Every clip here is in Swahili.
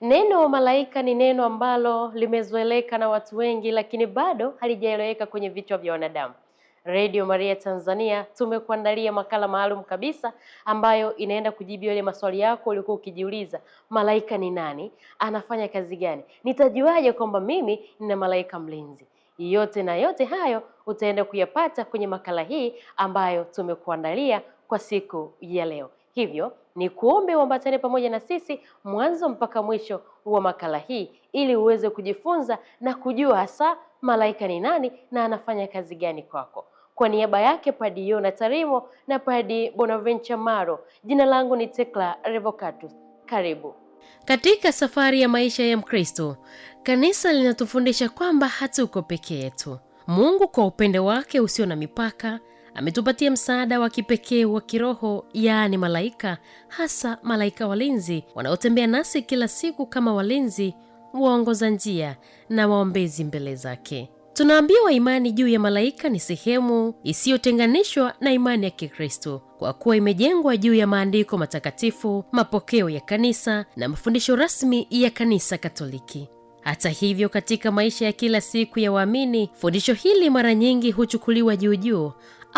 Neno malaika ni neno ambalo limezoeleka na watu wengi, lakini bado halijaeleweka kwenye vichwa vya wanadamu. Radio Maria Tanzania tumekuandalia makala maalum kabisa ambayo inaenda kujibu yale maswali yako uliokuwa ukijiuliza, malaika ni nani? Anafanya kazi gani? Nitajuaje kwamba mimi nina malaika mlinzi? Yote na yote hayo utaenda kuyapata kwenye makala hii ambayo tumekuandalia kwa siku ya leo. Hivyo ni kuombe uambatane pamoja na sisi mwanzo mpaka mwisho wa makala hii ili uweze kujifunza na kujua hasa malaika ni nani na anafanya kazi gani kwako. Kwa niaba yake Padi Yona Tarimo na Padi Bonaventure Maro, jina langu ni Tekla Revocatus. Karibu katika safari ya maisha ya Mkristo. Kanisa linatufundisha kwamba hatuko peke yetu. Mungu kwa upendo wake usio na mipaka ametupatia msaada wa kipekee wa kiroho yaani malaika hasa malaika walinzi wanaotembea nasi kila siku kama walinzi waongoza njia na waombezi mbele zake tunaambiwa imani juu ya malaika ni sehemu isiyotenganishwa na imani ya kikristo kwa kuwa imejengwa juu ya maandiko matakatifu mapokeo ya kanisa na mafundisho rasmi ya kanisa katoliki hata hivyo katika maisha ya kila siku ya waamini fundisho hili mara nyingi huchukuliwa juujuu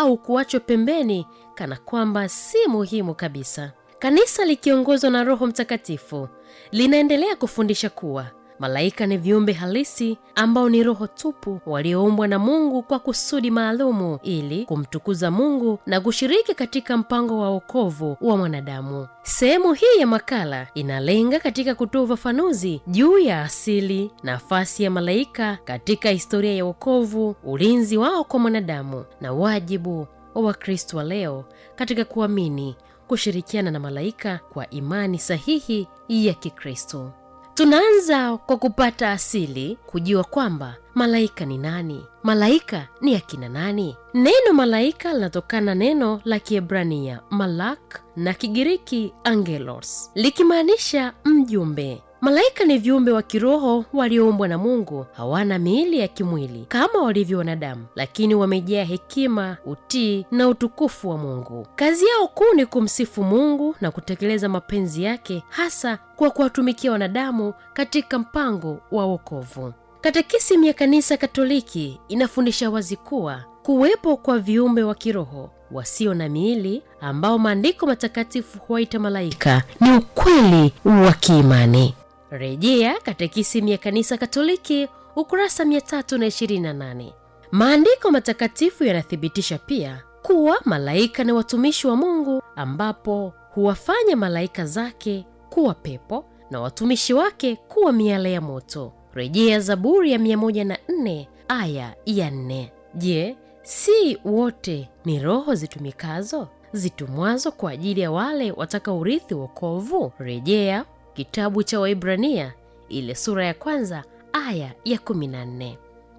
au kuachwa pembeni kana kwamba si muhimu kabisa kanisa likiongozwa na roho mtakatifu linaendelea kufundisha kuwa Malaika ni viumbe halisi ambao ni roho tupu walioumbwa na Mungu kwa kusudi maalumu ili kumtukuza Mungu na kushiriki katika mpango wa wokovu wa mwanadamu. Sehemu hii ya makala inalenga katika kutoa ufafanuzi juu ya asili, nafasi ya malaika katika historia ya okovu ulinzi wao kwa mwanadamu na wajibu wa Wakristo wa leo katika kuamini, kushirikiana na malaika kwa imani sahihi ya Kikristo tunaanza kwa kupata asili kujua kwamba malaika ni nani malaika ni akina nani neno malaika linatokana neno la kiebrania malak na kigiriki angelos likimaanisha mjumbe Malaika ni viumbe wa kiroho walioumbwa na Mungu, hawana miili ya kimwili kama walivyo wanadamu, lakini wamejaa hekima, utii na utukufu wa Mungu. Kazi yao kuu ni kumsifu Mungu na kutekeleza mapenzi yake, hasa kwa kuwatumikia wanadamu katika mpango wa wokovu. Katekisimu ya Kanisa Katoliki inafundisha wazi kuwa kuwepo kwa viumbe wa kiroho wasio na miili ambao maandiko matakatifu huwaita malaika ni ukweli wa kiimani rejea katekisimu ya kanisa katoliki ukurasa 328 maandiko matakatifu yanathibitisha pia kuwa malaika ni watumishi wa mungu ambapo huwafanya malaika zake kuwa pepo na watumishi wake kuwa miala ya moto rejea zaburi ya 14 aya ya 4 je si wote ni roho zitumikazo zitumwazo kwa ajili ya wale watakaurithi wokovu rejea kitabu cha waibrania ile sura ya kwanza aya ya 14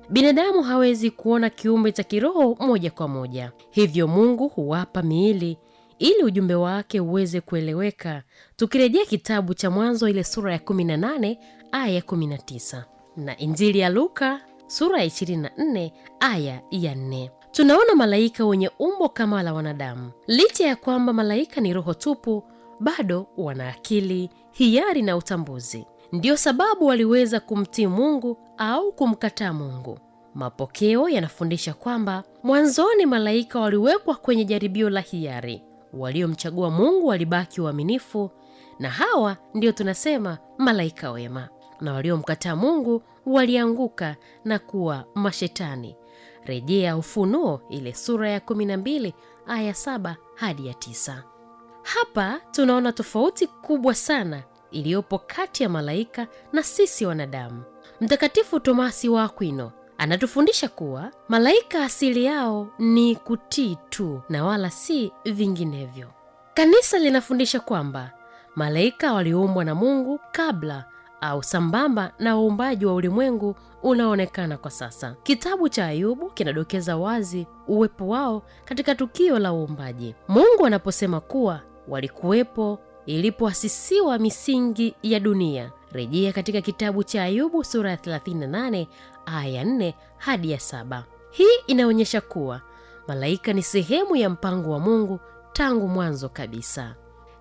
binadamu hawezi kuona kiumbe cha kiroho moja kwa moja hivyo mungu huwapa miili ili ujumbe wake uweze kueleweka tukirejea kitabu cha mwanzo ile sura ya 18 aya ya 19 na injili ya luka sura ya 24 aya ya 4 tunaona malaika wenye umbo kama la wanadamu licha ya kwamba malaika ni roho tupu bado wana akili hiari na utambuzi ndio sababu waliweza kumtii mungu au kumkataa mungu mapokeo yanafundisha kwamba mwanzoni malaika waliwekwa kwenye jaribio la hiari waliomchagua mungu walibaki uaminifu na hawa ndiyo tunasema malaika wema na waliomkataa mungu walianguka na kuwa mashetani rejea ufunuo ile sura ya 12 aya 7 hadi ya 9 hapa tunaona tofauti kubwa sana iliyopo kati ya malaika na sisi wanadamu mtakatifu tomasi wa akwino anatufundisha kuwa malaika asili yao ni kutii tu na wala si vinginevyo kanisa linafundisha kwamba malaika waliumbwa na mungu kabla au sambamba na uumbaji wa ulimwengu unaoonekana kwa sasa kitabu cha ayubu kinadokeza wazi uwepo wao katika tukio la uumbaji mungu anaposema kuwa walikuwepo ilipoasisiwa misingi ya dunia rejea katika kitabu cha ayubu sura ya 38 aya ya 4 hadi ya saba hii inaonyesha kuwa malaika ni sehemu ya mpango wa mungu tangu mwanzo kabisa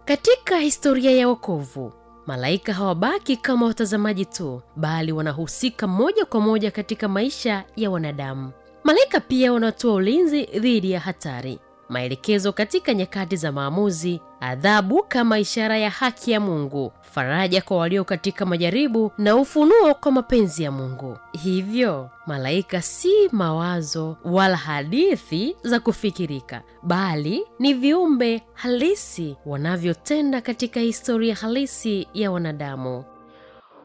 katika historia ya wokovu malaika hawabaki kama watazamaji tu bali wanahusika moja kwa moja katika maisha ya wanadamu malaika pia wanatoa ulinzi dhidi ya hatari maelekezo katika nyakati za maamuzi adhabu kama ishara ya haki ya mungu faraja kwa walio katika majaribu na ufunuo kwa mapenzi ya mungu hivyo malaika si mawazo wala hadithi za kufikirika bali ni viumbe halisi wanavyotenda katika historia halisi ya wanadamu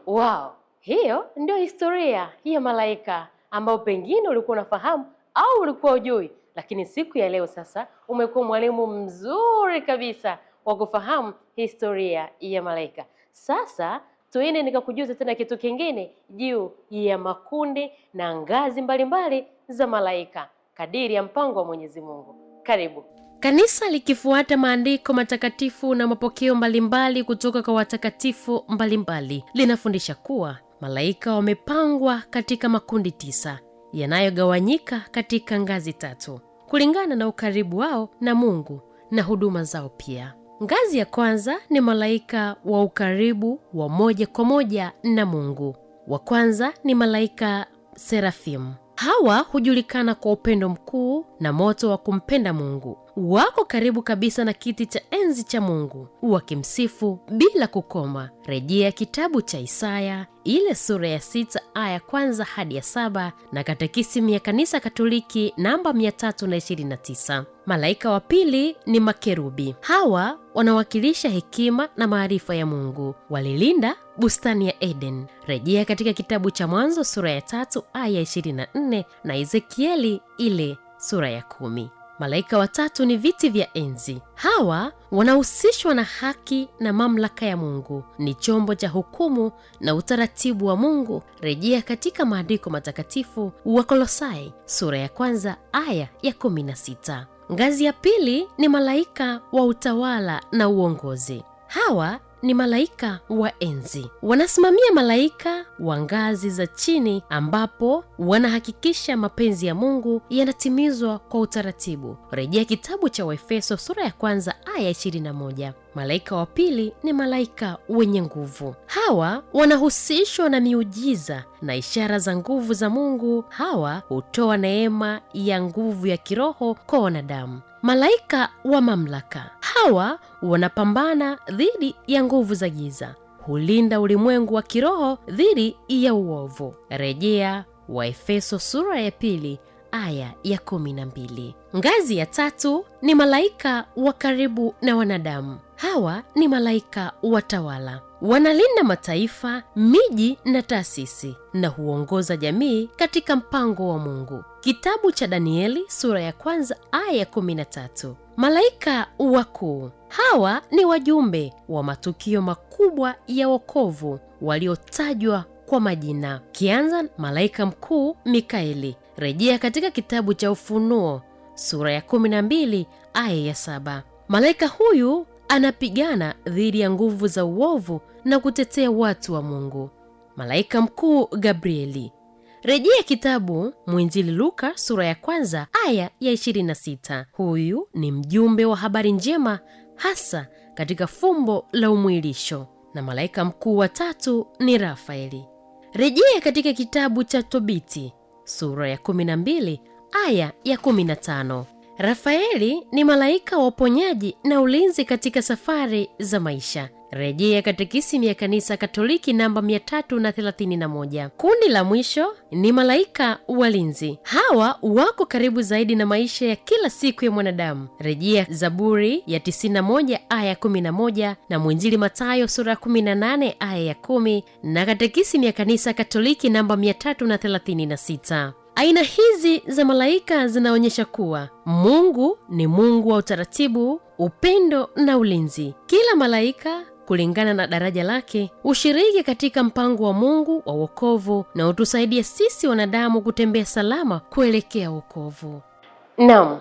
wow hiyo ndio historia ya malaika ambayo pengine ulikuwa unafahamu au ulikuwa ujui lakini siku ya leo sasa umekuwa mwalimu mzuri kabisa wa kufahamu historia ya malaika. Sasa tuende nikakujuza tena kitu kingine juu ya makundi na ngazi mbalimbali mbali za malaika kadiri ya mpango wa Mwenyezi Mungu. Karibu. Kanisa likifuata maandiko matakatifu na mapokeo mbalimbali kutoka kwa watakatifu mbalimbali linafundisha kuwa malaika wamepangwa katika makundi tisa yanayogawanyika katika ngazi tatu kulingana na ukaribu wao na mungu na huduma zao pia ngazi ya kwanza ni malaika wa ukaribu wa moja kwa moja na mungu wa kwanza ni malaika serafimu hawa hujulikana kwa upendo mkuu na moto wa kumpenda mungu wako karibu kabisa na kiti cha enzi cha mungu wakimsifu bila kukoma rejea kitabu cha isaya ile sura ya sita aya ya kwanza hadi ya saba na katekisimu ya kanisa katoliki namba 329 malaika wa pili ni makerubi hawa wanawakilisha hekima na maarifa ya mungu walilinda bustani ya eden rejea katika kitabu cha mwanzo sura ya tatu aya 24 na ezekieli ile sura ya kumi malaika watatu ni viti vya enzi hawa wanahusishwa na haki na mamlaka ya mungu ni chombo cha hukumu na utaratibu wa mungu rejea katika maandiko matakatifu wa kolosai sura ya kwanza aya ya 16 Ngazi ya pili ni malaika wa utawala na uongozi. Hawa ni malaika wa enzi wanasimamia malaika wa ngazi za chini ambapo wanahakikisha mapenzi ya mungu yanatimizwa kwa utaratibu rejea kitabu cha waefeso sura ya kwanza aya 21 malaika wa pili ni malaika wenye nguvu hawa wanahusishwa na miujiza na ishara za nguvu za mungu hawa hutoa neema ya nguvu ya kiroho kwa wanadamu malaika wa mamlaka Hawa wanapambana dhidi ya nguvu za giza, hulinda ulimwengu wa kiroho dhidi ya uovu. Rejea Waefeso sura ya pili aya ya kumi na mbili. Ngazi ya tatu ni malaika wa karibu na wanadamu. Hawa ni malaika watawala wanalinda mataifa miji na taasisi na huongoza jamii katika mpango wa mungu kitabu cha danieli sura ya kwanza aya ya malaika wakuu hawa ni wajumbe wa matukio makubwa ya wokovu waliotajwa kwa majina kianza malaika mkuu mikaeli rejea katika kitabu cha ufunuo sura ya mbili aya ya saba malaika huyu anapigana dhidi ya nguvu za uovu na kutetea watu wa mungu malaika mkuu gabrieli rejea kitabu mwinjili luka sura ya kwanza aya ya 26 huyu ni mjumbe wa habari njema hasa katika fumbo la umwilisho na malaika mkuu wa tatu ni rafaeli rejea katika kitabu cha tobiti sura ya 12 aya ya 15 rafaeli ni malaika wa uponyaji na ulinzi katika safari za maisha rejea katekisimu ya kanisa katoliki namba 331 kundi la mwisho ni malaika walinzi hawa wako karibu zaidi na maisha ya kila siku ya mwanadamu rejea zaburi ya 91 aya 11 na mwinjili matayo sura 18 aya ya 1 na katekisimu ya kanisa katoliki namba 336 Aina hizi za malaika zinaonyesha kuwa Mungu ni Mungu wa utaratibu, upendo na ulinzi. Kila malaika kulingana na daraja lake ushiriki katika mpango wa Mungu wa wokovu na utusaidia sisi wanadamu kutembea salama kuelekea wokovu. nam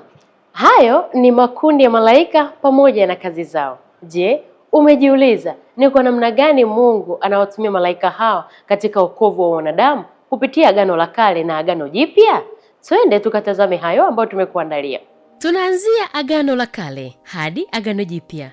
hayo ni makundi ya malaika pamoja na kazi zao. Je, umejiuliza ni kwa namna gani Mungu anawatumia malaika hawa katika wokovu wa wanadamu? kupitia Agano la Kale na Agano Jipya? Twende tukatazame hayo ambayo tumekuandalia. Tunaanzia Agano la Kale hadi Agano Jipya.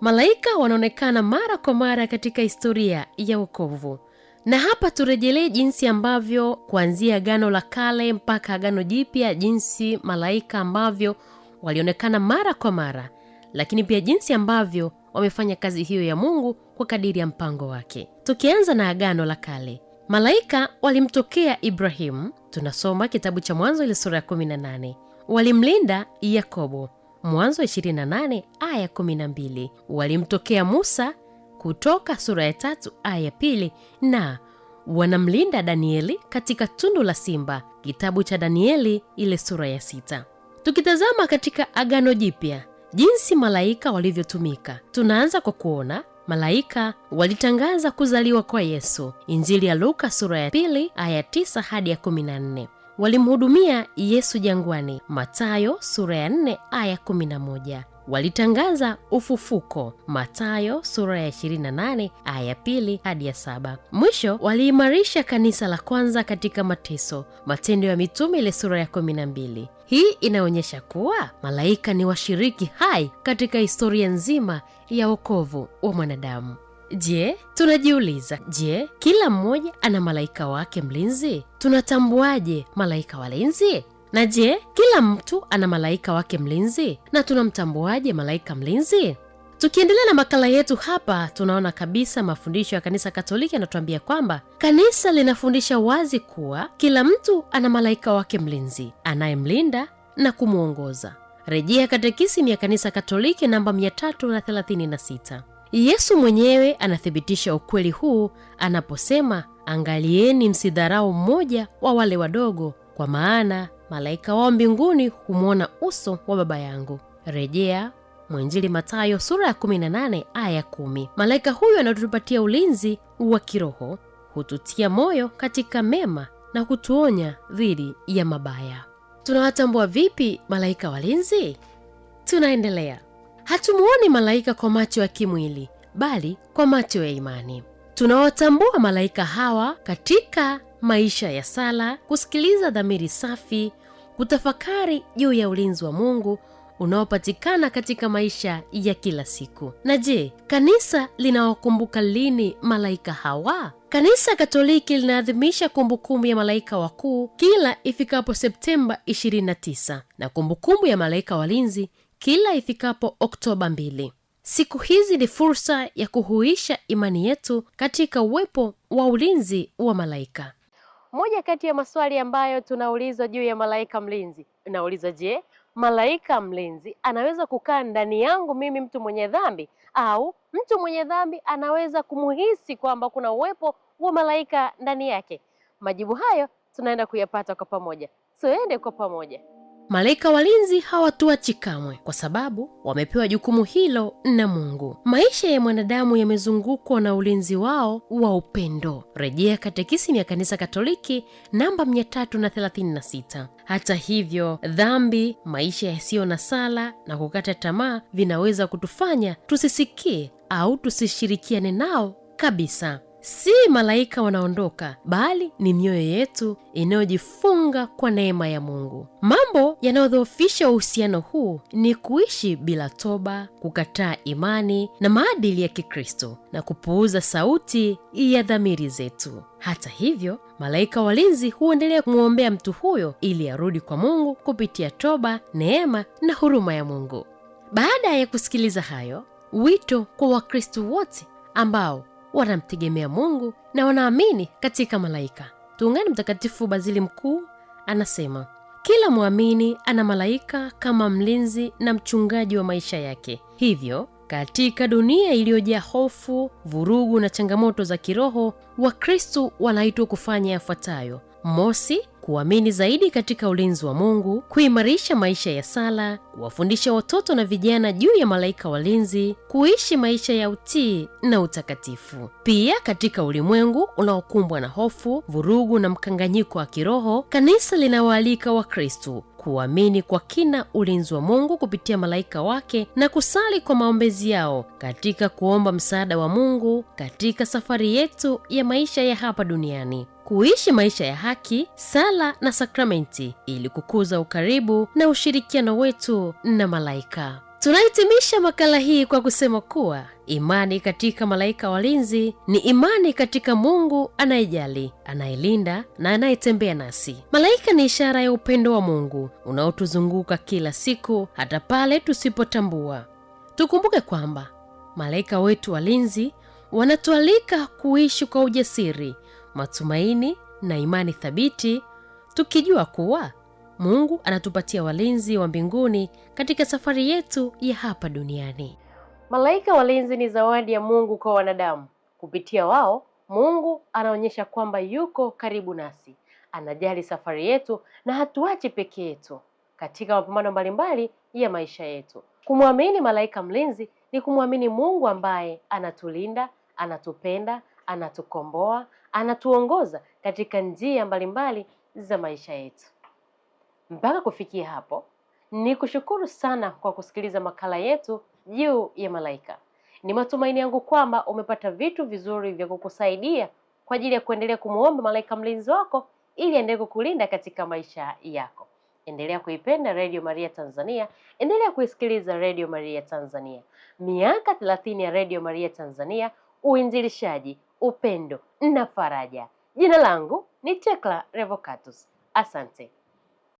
Malaika wanaonekana mara kwa mara katika historia ya wokovu, na hapa turejelee jinsi ambavyo kuanzia Agano la Kale mpaka Agano Jipya, jinsi malaika ambavyo walionekana mara kwa mara, lakini pia jinsi ambavyo wamefanya kazi hiyo ya Mungu kwa kadiri ya mpango wake. Tukianza na Agano la Kale, malaika walimtokea ibrahimu tunasoma kitabu cha mwanzo ile sura ya 18 walimlinda yakobo mwanzo 28 aya 12 walimtokea musa kutoka sura ya tatu aya ya pili na wanamlinda danieli katika tundu la simba kitabu cha danieli ile sura ya sita tukitazama katika agano jipya jinsi malaika walivyotumika tunaanza kwa kuona malaika walitangaza kuzaliwa kwa yesu injili ya luka sura ya pili aya tisa hadi ya kumi na nne walimhudumia yesu jangwani matayo sura ya nne aya kumi na moja walitangaza ufufuko Mathayo sura ya 28 aya ya pili hadi ya saba. Mwisho waliimarisha kanisa la kwanza katika mateso Matendo ya Mitume ile sura ya 12. Hii inaonyesha kuwa malaika ni washiriki hai katika historia nzima ya wokovu wa mwanadamu. Je, tunajiuliza, je, kila mmoja ana malaika wake mlinzi? Tunatambuaje malaika walinzi? Na je, kila mtu ana malaika wake mlinzi, na tunamtambuaje malaika mlinzi? Tukiendelea na makala yetu hapa, tunaona kabisa mafundisho ya kanisa Katoliki yanatuambia kwamba kanisa linafundisha wazi kuwa kila mtu ana malaika wake mlinzi anayemlinda na kumwongoza. Rejea Katekisimu ya Kanisa Katoliki namba 336. Yesu mwenyewe anathibitisha ukweli huu anaposema, angalieni msidharau mmoja wa wale wadogo, kwa maana malaika wao mbinguni humwona uso wa baba yangu rejea mwanjili matayo sura ya 18 aya 1 malaika huyu anatupatia ulinzi wa kiroho hututia moyo katika mema na kutuonya dhidi ya mabaya tunawatambua vipi malaika walinzi tunaendelea hatumuoni malaika kwa macho ya kimwili bali kwa macho ya imani tunawatambua malaika hawa katika maisha ya sala kusikiliza dhamiri safi kutafakari juu ya ulinzi wa mungu unaopatikana katika maisha ya kila siku na je kanisa linawakumbuka lini malaika hawa kanisa katoliki linaadhimisha kumbukumbu ya malaika wakuu kila ifikapo septemba 29 na kumbukumbu ya malaika walinzi kila ifikapo oktoba 2 siku hizi ni fursa ya kuhuisha imani yetu katika uwepo wa ulinzi wa malaika moja kati ya maswali ambayo tunaulizwa juu ya malaika mlinzi, naulizwa je, malaika mlinzi anaweza kukaa ndani yangu mimi mtu mwenye dhambi, au mtu mwenye dhambi anaweza kumuhisi kwamba kuna uwepo wa malaika ndani yake? Majibu hayo tunaenda kuyapata kwa pamoja, tuende kwa pamoja malaika walinzi hawatuachi kamwe kwa sababu wamepewa jukumu hilo na mungu maisha ya mwanadamu yamezungukwa na ulinzi wao wa upendo rejea katekisimu ya kanisa katoliki namba 336 hata hivyo dhambi maisha yasiyo na sala na kukata tamaa vinaweza kutufanya tusisikie au tusishirikiane nao kabisa si malaika wanaondoka bali ni mioyo yetu inayojifunga kwa neema ya mungu mambo yanayodhoofisha uhusiano huu ni kuishi bila toba kukataa imani na maadili ya kikristo na kupuuza sauti ya dhamiri zetu hata hivyo malaika walinzi huendelea kumwombea mtu huyo ili arudi kwa mungu kupitia toba neema na huruma ya mungu baada ya kusikiliza hayo wito kwa wakristo wote ambao wanamtegemea mungu na wanaamini katika malaika tuungane mtakatifu bazili mkuu anasema kila mwamini ana malaika kama mlinzi na mchungaji wa maisha yake hivyo katika dunia iliyojaa hofu vurugu na changamoto za kiroho wakristu wanaitwa kufanya yafuatayo mosi kuamini zaidi katika ulinzi wa Mungu, kuimarisha maisha ya sala, kuwafundisha watoto na vijana juu ya malaika walinzi, kuishi maisha ya utii na utakatifu. Pia katika ulimwengu unaokumbwa na hofu, vurugu na mkanganyiko wa kiroho, kanisa linawaalika wakristu kuamini kwa kina ulinzi wa Mungu kupitia malaika wake na kusali kwa maombezi yao katika kuomba msaada wa Mungu katika safari yetu ya maisha ya hapa duniani kuishi maisha ya haki sala na sakramenti ili kukuza ukaribu na ushirikiano wetu na malaika tunahitimisha makala hii kwa kusema kuwa imani katika malaika walinzi ni imani katika mungu anayejali anayelinda na anayetembea nasi malaika ni ishara ya upendo wa mungu unaotuzunguka kila siku hata pale tusipotambua tukumbuke kwamba malaika wetu walinzi wanatualika kuishi kwa ujasiri matumaini na imani thabiti tukijua kuwa Mungu anatupatia walinzi wa mbinguni katika safari yetu ya hapa duniani. Malaika walinzi ni zawadi ya Mungu kwa wanadamu. Kupitia wao, Mungu anaonyesha kwamba yuko karibu nasi, anajali safari yetu na hatuachi peke yetu katika mapambano mbalimbali ya maisha yetu. Kumwamini malaika mlinzi ni kumwamini Mungu ambaye anatulinda, anatupenda, anatukomboa, anatuongoza katika njia mbalimbali za maisha yetu. Mpaka kufikia hapo, ni kushukuru sana kwa kusikiliza makala yetu juu ya malaika. Ni matumaini yangu kwamba umepata vitu vizuri vya kukusaidia kwa ajili ya kuendelea kumwomba malaika mlinzi wako ili aendelee kukulinda katika maisha yako. Endelea kuipenda Radio Maria Tanzania, endelea kuisikiliza Radio Maria Tanzania. Miaka thelathini ya Radio Maria Tanzania, uinjilishaji, upendo na faraja. Jina langu ni Tekla Revocatus. Asante.